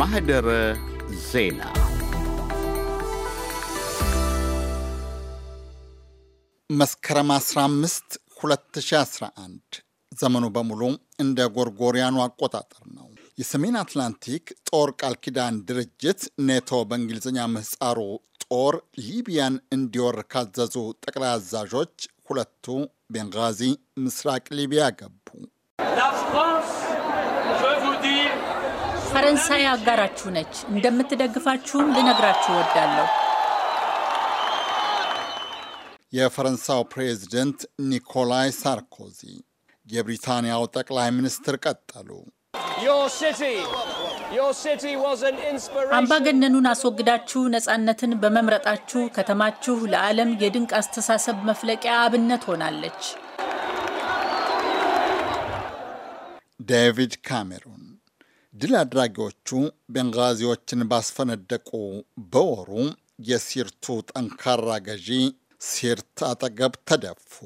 ማህደረ ዜና መስከረም 15 2011 ዘመኑ በሙሉ እንደ ጎርጎሪያኑ አቆጣጠር ነው። የሰሜን አትላንቲክ ጦር ቃል ኪዳን ድርጅት ኔቶ በእንግሊዝኛ ምህፃሩ ጦር ሊቢያን እንዲወር ካዘዙ ጠቅላይ አዛዦች ሁለቱ ቤንጋዚ ምስራቅ ሊቢያ ገቡ። ፈረንሳይ አጋራችሁ ነች። እንደምትደግፋችሁም ልነግራችሁ ወዳለሁ። የፈረንሳው ፕሬዚደንት ኒኮላይ ሳርኮዚ የብሪታንያው ጠቅላይ ሚኒስትር ቀጠሉ። አምባገነኑን አስወግዳችሁ ነጻነትን በመምረጣችሁ ከተማችሁ ለዓለም የድንቅ አስተሳሰብ መፍለቂያ አብነት ሆናለች። ዴቪድ ካሜሩን ድል አድራጊዎቹ ቤንጋዚዎችን ባስፈነደቁ በወሩ የሲርቱ ጠንካራ ገዢ ሲርት አጠገብ ተደፉ።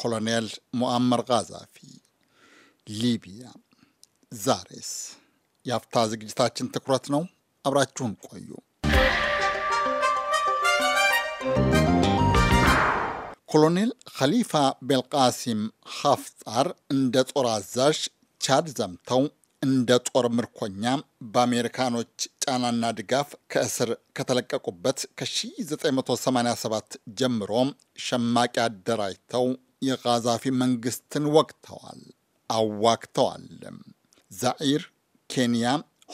ኮሎኔል ሙአመር ጋዛፊ። ሊቢያ ዛሬስ? የአፍታ ዝግጅታችን ትኩረት ነው። አብራችሁን ቆዩ። ኮሎኔል ኸሊፋ ቤልቃሲም ሀፍጣር እንደ ጦር አዛዥ ቻድ ዘምተው እንደ ጦር ምርኮኛ በአሜሪካኖች ጫናና ድጋፍ ከእስር ከተለቀቁበት ከ1987 ጀምሮ ሸማቂ አደራጅተው የጋዛፊ መንግስትን ወቅተዋል፣ አዋግተዋል። ዛኢር ኬንያ፣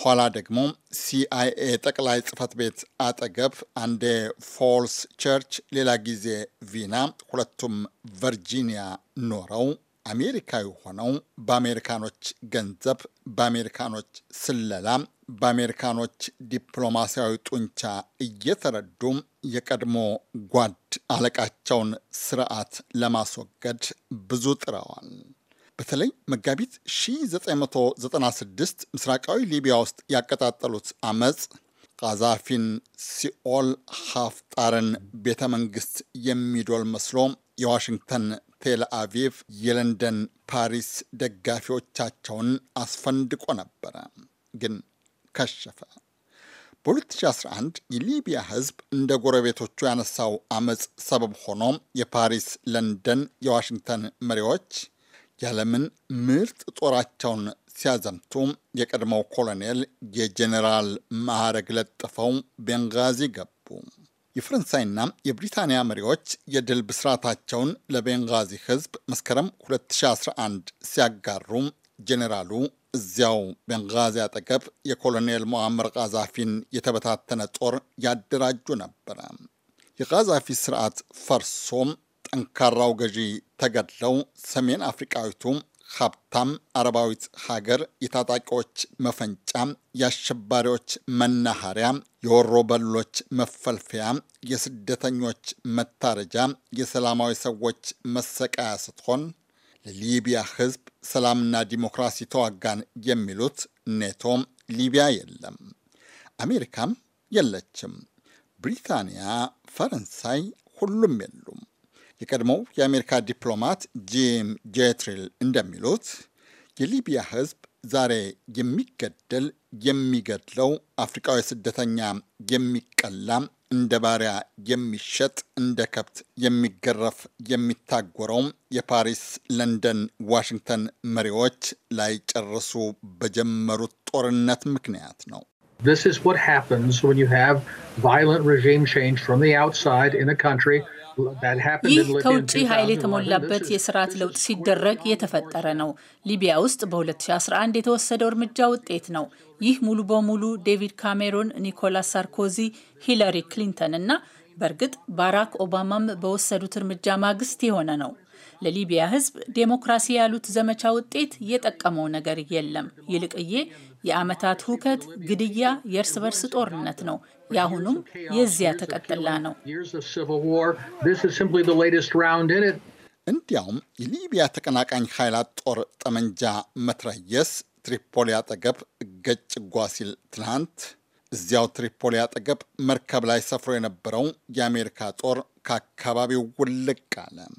ኋላ ደግሞ ሲአይኤ ጠቅላይ ጽህፈት ቤት አጠገብ አንዴ ፎልስ ቸርች፣ ሌላ ጊዜ ቪና፣ ሁለቱም ቨርጂኒያ ኖረው አሜሪካዊ ሆነው በአሜሪካኖች ገንዘብ፣ በአሜሪካኖች ስለላ፣ በአሜሪካኖች ዲፕሎማሲያዊ ጡንቻ እየተረዱ የቀድሞ ጓድ አለቃቸውን ስርዓት ለማስወገድ ብዙ ጥረዋል። በተለይ መጋቢት 1996 ምስራቃዊ ሊቢያ ውስጥ ያቀጣጠሉት አመፅ ቃዛፊን ሲኦል ሀፍጣርን ቤተ መንግስት የሚዶል መስሎ የዋሽንግተን ቴል አቪቭ፣ የለንደን ፓሪስ ደጋፊዎቻቸውን አስፈንድቆ ነበረ፣ ግን ከሸፈ። በ2011 የሊቢያ ሕዝብ እንደ ጎረቤቶቹ ያነሳው አመፅ ሰበብ ሆኖ የፓሪስ፣ ለንደን፣ የዋሽንግተን መሪዎች የለምን ምርጥ ጦራቸውን ሲያዘምቱ የቀድሞው ኮሎኔል የጄኔራል ማዕረግ ለጥፈው ቤንጋዚ ገቡ። የፈረንሳይና የብሪታንያ መሪዎች የድል ብስራታቸውን ለቤንጋዚ ህዝብ መስከረም 2011 ሲያጋሩም ጄኔራሉ እዚያው ቤንጋዚ አጠገብ የኮሎኔል ሞአመር ቃዛፊን የተበታተነ ጦር ያደራጁ ነበረ። የቃዛፊ ስርዓት ፈርሶም ጠንካራው ገዢ ተገድለው ሰሜን አፍሪቃዊቱ ሀብታም አረባዊት ሀገር የታጣቂዎች መፈንጫ፣ የአሸባሪዎች መናኸሪያ፣ የወሮ በሎች መፈልፈያ፣ የስደተኞች መታረጃ፣ የሰላማዊ ሰዎች መሰቃያ ስትሆን ለሊቢያ ሕዝብ ሰላምና ዲሞክራሲ ተዋጋን የሚሉት ኔቶ ሊቢያ የለም፣ አሜሪካም የለችም፣ ብሪታንያ፣ ፈረንሳይ ሁሉም የሉም። የቀድሞው የአሜሪካ ዲፕሎማት ጂም ጄትሪል እንደሚሉት የሊቢያ ህዝብ ዛሬ የሚገደል የሚገድለው አፍሪካዊ ስደተኛ የሚቀላ፣ እንደ ባሪያ የሚሸጥ፣ እንደ ከብት የሚገረፍ፣ የሚታጎረው የፓሪስ፣ ለንደን፣ ዋሽንግተን መሪዎች ላይ ጨርሱ በጀመሩት ጦርነት ምክንያት ነው። This is what happens when you have violent regime change from the outside in a country. ይህ ከውጭ ኃይል የተሞላበት የስርዓት ለውጥ ሲደረግ የተፈጠረ ነው። ሊቢያ ውስጥ በ2011 የተወሰደው እርምጃ ውጤት ነው። ይህ ሙሉ በሙሉ ዴቪድ ካሜሮን፣ ኒኮላስ ሳርኮዚ፣ ሂለሪ ክሊንተን እና በእርግጥ ባራክ ኦባማም በወሰዱት እርምጃ ማግስት የሆነ ነው። ለሊቢያ ህዝብ ዴሞክራሲ ያሉት ዘመቻ ውጤት የጠቀመው ነገር የለም። ይልቅዬ የአመታት ሁከት፣ ግድያ፣ የእርስ በርስ ጦርነት ነው። የአሁኑም የዚያ ተቀጥላ ነው። እንዲያውም የሊቢያ ተቀናቃኝ ኃይላት ጦር ጠመንጃ መትረየስ ትሪፖሊ አጠገብ ገጭ ጓ ሲል ትናንት እዚያው ትሪፖሊ አጠገብ መርከብ ላይ ሰፍሮ የነበረው የአሜሪካ ጦር ከአካባቢው ውልቅ አለም።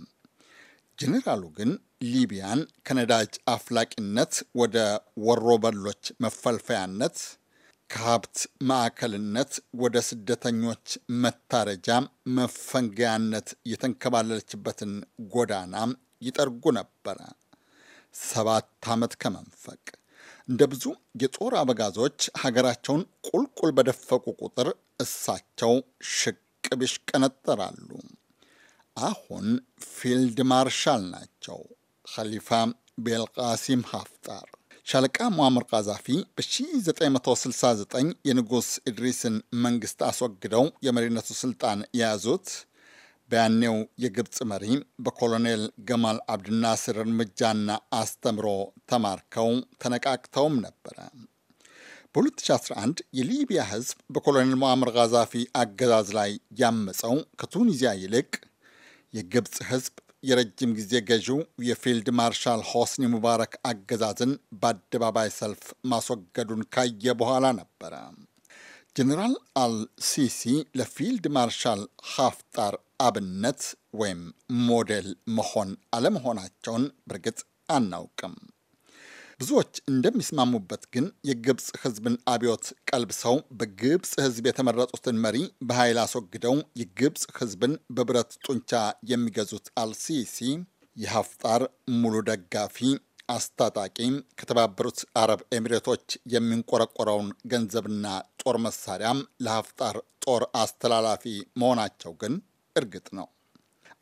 ጄኔራሉ ግን ሊቢያን ከነዳጅ አፍላቂነት ወደ ወሮበሎች መፈልፈያነት ከሀብት ማዕከልነት ወደ ስደተኞች መታረጃ መፈንገያነት የተንከባለለችበትን ጎዳና ይጠርጉ ነበረ። ሰባት ዓመት ከመንፈቅ እንደ ብዙ የጦር አበጋዞች ሀገራቸውን ቁልቁል በደፈቁ ቁጥር እሳቸው ሽቅብ ይሽቀነጠራሉ። አሁን ፊልድ ማርሻል ናቸው ኸሊፋ ቤልቃሲም ሀፍጣር። ሻለቃ ሙአምር ቃዛፊ በ1969 የንጉሥ ኢድሪስን መንግሥት አስወግደው የመሪነቱ ሥልጣን የያዙት በያኔው የግብፅ መሪ በኮሎኔል ገማል አብድናስር እርምጃና አስተምሮ ተማርከው ተነቃቅተውም ነበረ። በ2011 የሊቢያ ሕዝብ በኮሎኔል ሙአምር ቃዛፊ አገዛዝ ላይ ያመፀው ከቱኒዚያ ይልቅ የግብፅ ህዝብ የረጅም ጊዜ ገዢው የፊልድ ማርሻል ሆስኒ ሙባረክ አገዛዝን በአደባባይ ሰልፍ ማስወገዱን ካየ በኋላ ነበረ። ጀኔራል አልሲሲ ለፊልድ ማርሻል ሀፍጣር አብነት ወይም ሞዴል መሆን አለመሆናቸውን በእርግጥ አናውቅም። ብዙዎች እንደሚስማሙበት ግን የግብፅ ህዝብን አብዮት ቀልብሰው በግብፅ ህዝብ የተመረጡትን መሪ በኃይል አስወግደው የግብፅ ህዝብን በብረት ጡንቻ የሚገዙት አልሲሲ የሀፍጣር ሙሉ ደጋፊ አስታጣቂ ከተባበሩት አረብ ኤሚሬቶች የሚንቆረቆረውን ገንዘብና ጦር መሳሪያም ለሀፍጣር ጦር አስተላላፊ መሆናቸው ግን እርግጥ ነው።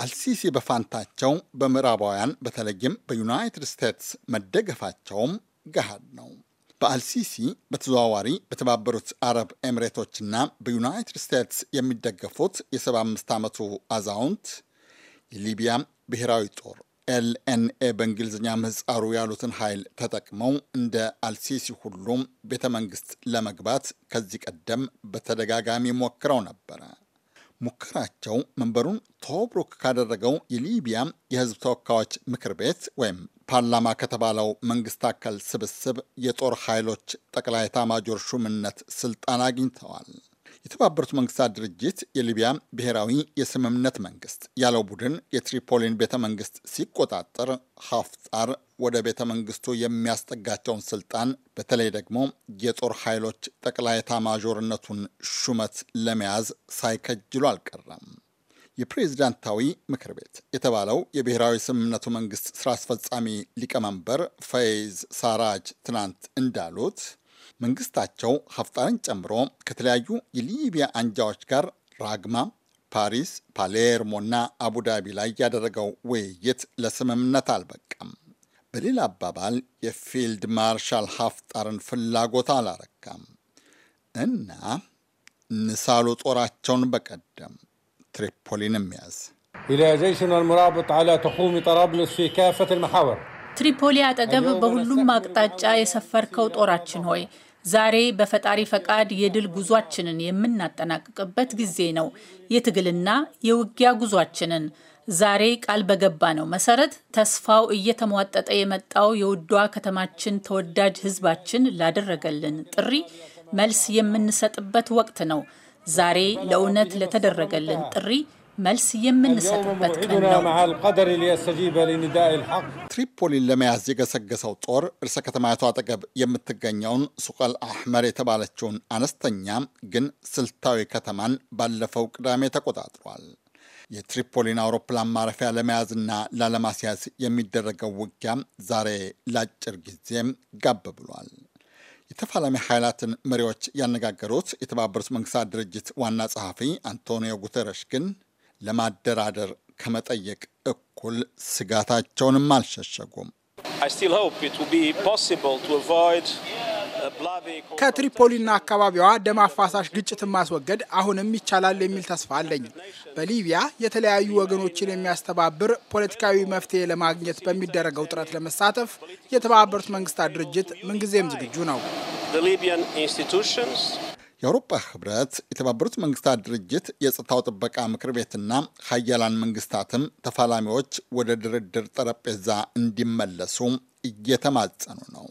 አልሲሲ በፋንታቸው በምዕራባውያን በተለይም በዩናይትድ ስቴትስ መደገፋቸውም ገሃድ ነው። በአልሲሲ በተዘዋዋሪ በተባበሩት አረብ ኤሚሬቶችና በዩናይትድ ስቴትስ የሚደገፉት የ75 ዓመቱ አዛውንት የሊቢያ ብሔራዊ ጦር ኤልኤንኤ በእንግሊዝኛ ምህጻሩ ያሉትን ኃይል ተጠቅመው እንደ አልሲሲ ሁሉም ቤተ መንግስት ለመግባት ከዚህ ቀደም በተደጋጋሚ ሞክረው ነበረ። ሙከራቸው መንበሩን ቶብሩክ ካደረገው የሊቢያ የህዝብ ተወካዮች ምክር ቤት ወይም ፓርላማ ከተባለው መንግስት አካል ስብስብ የጦር ኃይሎች ጠቅላይ ኤታማዦር ሹምነት ስልጣን አግኝተዋል። የተባበሩት መንግስታት ድርጅት የሊቢያ ብሔራዊ የስምምነት መንግስት ያለው ቡድን የትሪፖሊን ቤተ መንግስት ሲቆጣጠር ሀፍጣር ወደ ቤተ መንግስቱ የሚያስጠጋቸውን ስልጣን በተለይ ደግሞ የጦር ኃይሎች ጠቅላይ ታማዦርነቱን ሹመት ለመያዝ ሳይከጅሉ አልቀረም። የፕሬዝዳንታዊ ምክር ቤት የተባለው የብሔራዊ ስምምነቱ መንግስት ስራ አስፈጻሚ ሊቀመንበር ፈይዝ ሳራጅ ትናንት እንዳሉት መንግስታቸው ሀፍጣርን ጨምሮ ከተለያዩ የሊቢያ አንጃዎች ጋር ራግማ፣ ፓሪስ፣ ፓሌርሞና አቡዳቢ ላይ ያደረገው ውይይት ለስምምነት አልበቃም። በሌላ አባባል የፊልድ ማርሻል ሀፍጣርን ፍላጎት አላረካም እና ንሳሉ ጦራቸውን በቀደም ትሪፖሊንም ያዝ ኢላ ጠራብልስ ፊ ካፈት ትሪፖሊ አጠገብ በሁሉም አቅጣጫ የሰፈርከው ጦራችን ሆይ ዛሬ በፈጣሪ ፈቃድ የድል ጉዟችንን የምናጠናቅቅበት ጊዜ ነው። የትግልና የውጊያ ጉዟችንን ዛሬ ቃል በገባ ነው መሰረት ተስፋው እየተሟጠጠ የመጣው የውዷ ከተማችን ተወዳጅ ሕዝባችን ላደረገልን ጥሪ መልስ የምንሰጥበት ወቅት ነው። ዛሬ ለእውነት ለተደረገልን ጥሪ መልስ የምንሰጥበት ቀን ነው። ትሪፖሊን ለመያዝ የገሰገሰው ጦር እርሰ ከተማይቱ አጠገብ የምትገኘውን ሱቀል አህመር የተባለችውን አነስተኛ ግን ስልታዊ ከተማን ባለፈው ቅዳሜ ተቆጣጥሯል። የትሪፖሊን አውሮፕላን ማረፊያ ለመያዝና ላለማስያዝ የሚደረገው ውጊያ ዛሬ ለአጭር ጊዜም ጋብ ብሏል። የተፋላሚ ኃይላትን መሪዎች ያነጋገሩት የተባበሩት መንግስታት ድርጅት ዋና ጸሐፊ አንቶኒዮ ጉተረሽ ግን ለማደራደር ከመጠየቅ እኩል ስጋታቸውንም አልሸሸጉም። ከትሪፖሊና አካባቢዋ ደም አፋሳሽ ግጭትን ማስወገድ አሁንም ይቻላል የሚል ተስፋ አለኝ። በሊቢያ የተለያዩ ወገኖችን የሚያስተባብር ፖለቲካዊ መፍትሄ ለማግኘት በሚደረገው ጥረት ለመሳተፍ የተባበሩት መንግስታት ድርጅት ምንጊዜም ዝግጁ ነው። የአውሮፓ ህብረት፣ የተባበሩት መንግስታት ድርጅት የጸጥታው ጥበቃ ምክር ቤትና ሀያላን መንግስታትም ተፋላሚዎች ወደ ድርድር ጠረጴዛ እንዲመለሱ እየተማጸኑ ነው።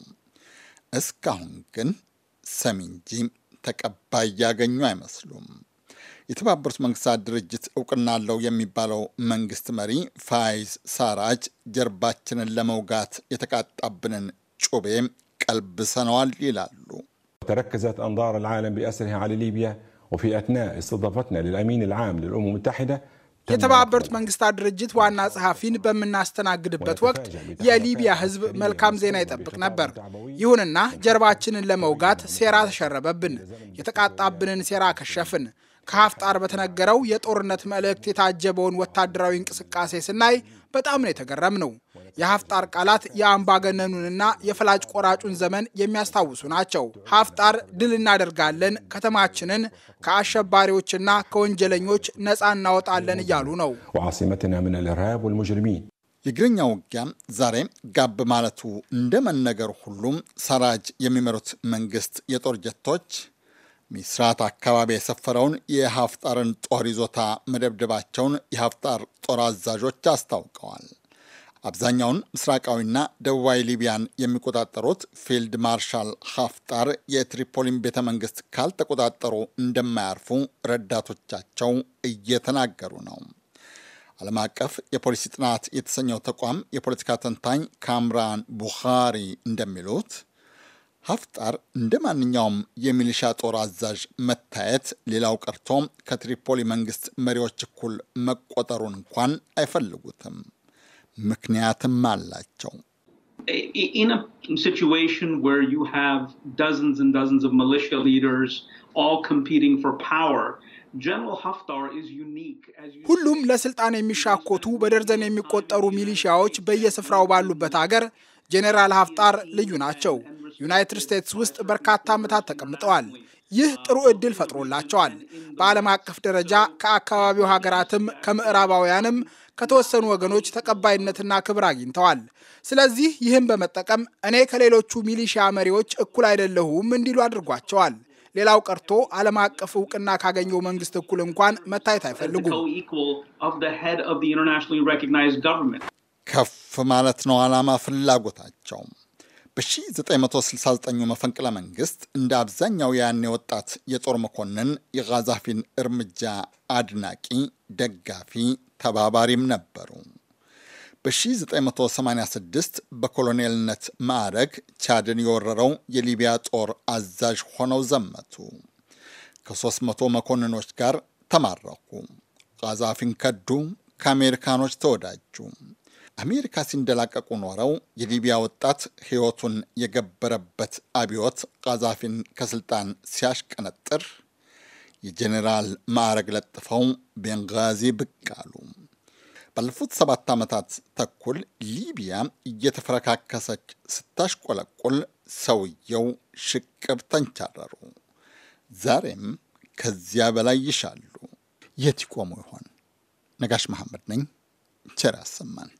እስካሁን ግን ሰሚ እንጂ ተቀባይ ያገኙ አይመስሉም። የተባበሩት መንግስታት ድርጅት እውቅና አለው የሚባለው መንግስት መሪ ፋይዝ ሳራጅ ጀርባችንን ለመውጋት የተቃጣብንን ጩቤ ቀልብሰነዋል ይላሉ። تركزت أنظار العالم بأسرها على ليبيا وفي أثناء استضافتنا للأمين العام للأمم المتحدة የተባበሩት መንግስታት ድርጅት ዋና ጸሐፊን በምናስተናግድበት ወቅት የሊቢያ ሕዝብ መልካም ዜና ይጠብቅ ነበር። ይሁንና ጀርባችንን ለመውጋት ሴራ ተሸረበብን። የተቃጣብንን ሴራ ከሸፍን። ከሀፍጣር በተነገረው የጦርነት መልእክት የታጀበውን ወታደራዊ እንቅስቃሴ ስናይ በጣም ነው የተገረም ነው። የሀፍጣር ቃላት የአምባገነኑንና የፈላጭ ቆራጩን ዘመን የሚያስታውሱ ናቸው። ሀፍጣር ድል እናደርጋለን፣ ከተማችንን ከአሸባሪዎችና ከወንጀለኞች ነፃ እናወጣለን እያሉ ነው። ወዓሲመተና ምን ልርሃብ የእግረኛ ውጊያ ዛሬ ጋብ ማለቱ እንደመነገር ሁሉም ሰራጅ የሚመሩት መንግስት የጦር ጀቶች ሚስራት አካባቢ የሰፈረውን የሀፍጣርን ጦር ይዞታ መደብደባቸውን የሀፍጣር ጦር አዛዦች አስታውቀዋል። አብዛኛውን ምስራቃዊና ደቡባዊ ሊቢያን የሚቆጣጠሩት ፊልድ ማርሻል ሀፍጣር የትሪፖሊን ቤተ መንግስት ካልተቆጣጠሩ እንደማያርፉ ረዳቶቻቸው እየተናገሩ ነው። ዓለም አቀፍ የፖሊሲ ጥናት የተሰኘው ተቋም የፖለቲካ ተንታኝ ካምራን ቡኻሪ እንደሚሉት ሀፍጣር እንደ ማንኛውም የሚሊሻ ጦር አዛዥ መታየት ሌላው ቀርቶ ከትሪፖሊ መንግስት መሪዎች እኩል መቆጠሩን እንኳን አይፈልጉትም። ምክንያትም አላቸው። ሁሉም ለስልጣን የሚሻኮቱ በደርዘን የሚቆጠሩ ሚሊሺያዎች በየስፍራው ባሉበት አገር ጄኔራል ሀፍጣር ልዩ ናቸው። ዩናይትድ ስቴትስ ውስጥ በርካታ ዓመታት ተቀምጠዋል። ይህ ጥሩ እድል ፈጥሮላቸዋል። በዓለም አቀፍ ደረጃ ከአካባቢው ሀገራትም ከምዕራባውያንም ከተወሰኑ ወገኖች ተቀባይነትና ክብር አግኝተዋል። ስለዚህ ይህም በመጠቀም እኔ ከሌሎቹ ሚሊሺያ መሪዎች እኩል አይደለሁም እንዲሉ አድርጓቸዋል። ሌላው ቀርቶ ዓለም አቀፍ እውቅና ካገኘው መንግስት እኩል እንኳን መታየት አይፈልጉም። ከፍ ማለት ነው ዓላማ ፍላጎታቸው። በ1969 መፈንቅለ መንግስት እንደ አብዛኛው ያኔ ወጣት የጦር መኮንን የጋዛፊን እርምጃ አድናቂ፣ ደጋፊ፣ ተባባሪም ነበሩ። በ1986 በኮሎኔልነት ማዕረግ ቻድን የወረረው የሊቢያ ጦር አዛዥ ሆነው ዘመቱ። ከ300 መኮንኖች ጋር ተማረኩ። ጋዛፊን ከዱ። ከአሜሪካኖች ተወዳጁ። አሜሪካ ሲንደላቀቁ ኖረው የሊቢያ ወጣት ሕይወቱን የገበረበት አብዮት ቃዛፊን ከስልጣን ሲያሽቀነጥር የጄኔራል ማዕረግ ለጥፈው ቤንጋዚ ብቅ አሉ። ባለፉት ሰባት ዓመታት ተኩል ሊቢያ እየተፈረካከሰች ስታሽቆለቁል ሰውየው ሽቅብ ተንቻረሩ። ዛሬም ከዚያ በላይ ይሻሉ። የት ይቆሙ ይሆን? ነጋሽ መሐመድ ነኝ። ቸር ያሰማን።